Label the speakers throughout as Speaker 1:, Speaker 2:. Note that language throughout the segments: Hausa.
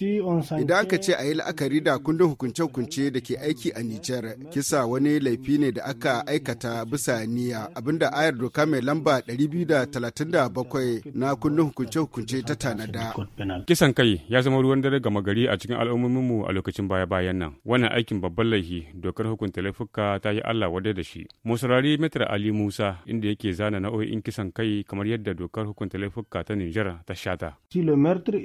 Speaker 1: Idan aka ce a yi la'akari da kundin hukunce-hukunce da ke aiki a Nijar, kisa wani laifi ne da aka aikata bisa niyya abinda ayar doka mai lamba 237 na kundin hukunce-hukunce ta tanada.
Speaker 2: Kisan kai ya zama ruwan dare gama gari a cikin al'ummominmu a lokacin baya-bayan nan. Wannan aikin babban laifi dokar hukunta laifuka ta yi Allah wadai da shi. Musarari Metra Ali Musa inda yake zana nau'o'in kisan kai kamar yadda dokar hukunta laifuka ta Nijar ta shata.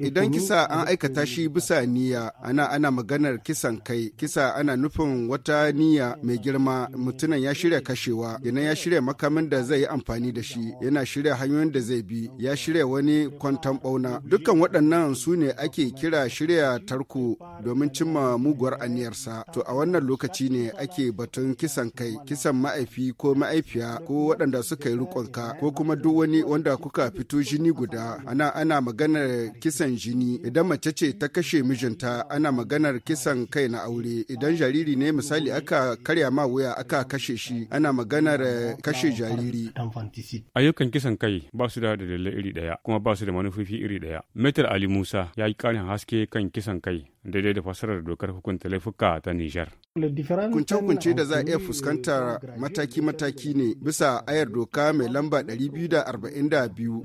Speaker 1: Idan kisa an aikata shi bisa niyya ana ana maganar kisan kai kisa ana nufin wata niyya mai girma mutumin ya shirya kashewa yana ya shirya makamin da zai yi amfani da shi yana shirya hanyoyin da zai bi ya shirya wani kwantan bauna dukkan waɗannan su ne ake kira shirya tarko domin cimma muguwar aniyarsa to a wannan lokaci ne ake batun kisan kai kisan ma'aifi ko ma'aifiya ko waɗanda suka yi rikonka ko kuma duk wani wanda kuka fito jini guda ana ana maganar kisan jini idan mace ce ta kashe mijinta ana maganar kisan kai na aure idan jariri ne misali aka karya ma wuya aka kashe shi ana maganar eh, kashe jariri
Speaker 2: ayyukan kisan kai ba su da dalilai iri daya kuma ba su da manufofi iri daya metal ali musa ya yi karin haske kan kisan kai daidai da fasarar dokar hukunta laifuka ta Nijar.
Speaker 1: Kunce-kunce da za a iya fuskantar mataki-mataki ne bisa ayar doka mai lamba 242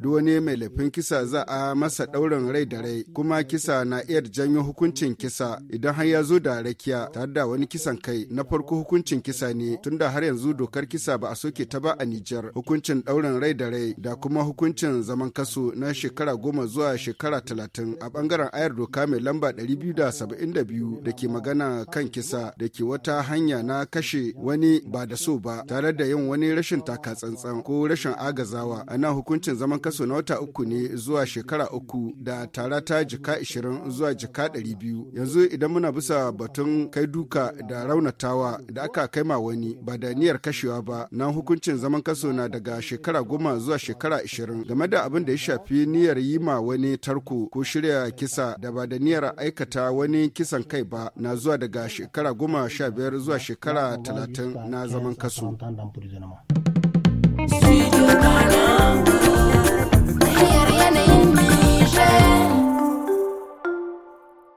Speaker 1: da wani mai laifin kisa za a masa daurin rai da rai kuma kisa na iya janyo hukuncin kisa idan har ya zo da rakiya tare da wani kisan kai na farko hukuncin kisa ne tunda har yanzu dokar kisa ba a soke ta ba a Nijar hukuncin daurin rai da rai da kuma hukuncin zaman kaso na shekara goma zuwa shekara talatin a bangaren ayar doka mai lamba 200 172 da ke magana kan kisa da ke wata hanya na kashe wani ba da so ba tare da yin wani rashin taka-tsantsan ko rashin agazawa ana hukuncin zaman kaso na wata uku ne zuwa shekara uku da tara ta jika 20 zuwa jika 200 yanzu idan muna bisa batun kai duka da raunatawa da aka kai ma wani ba da niyyar kashewa ba na hukuncin zaman kaso na daga shekara goma zuwa shekara 20 game da abin da ya shafi niyyar yi ma wani tarko ko shirya kisa da ba da niyyar aikata wani kisan kai ba na zuwa daga shekara goma sha biyar zuwa shekara talatin na zaman kaso.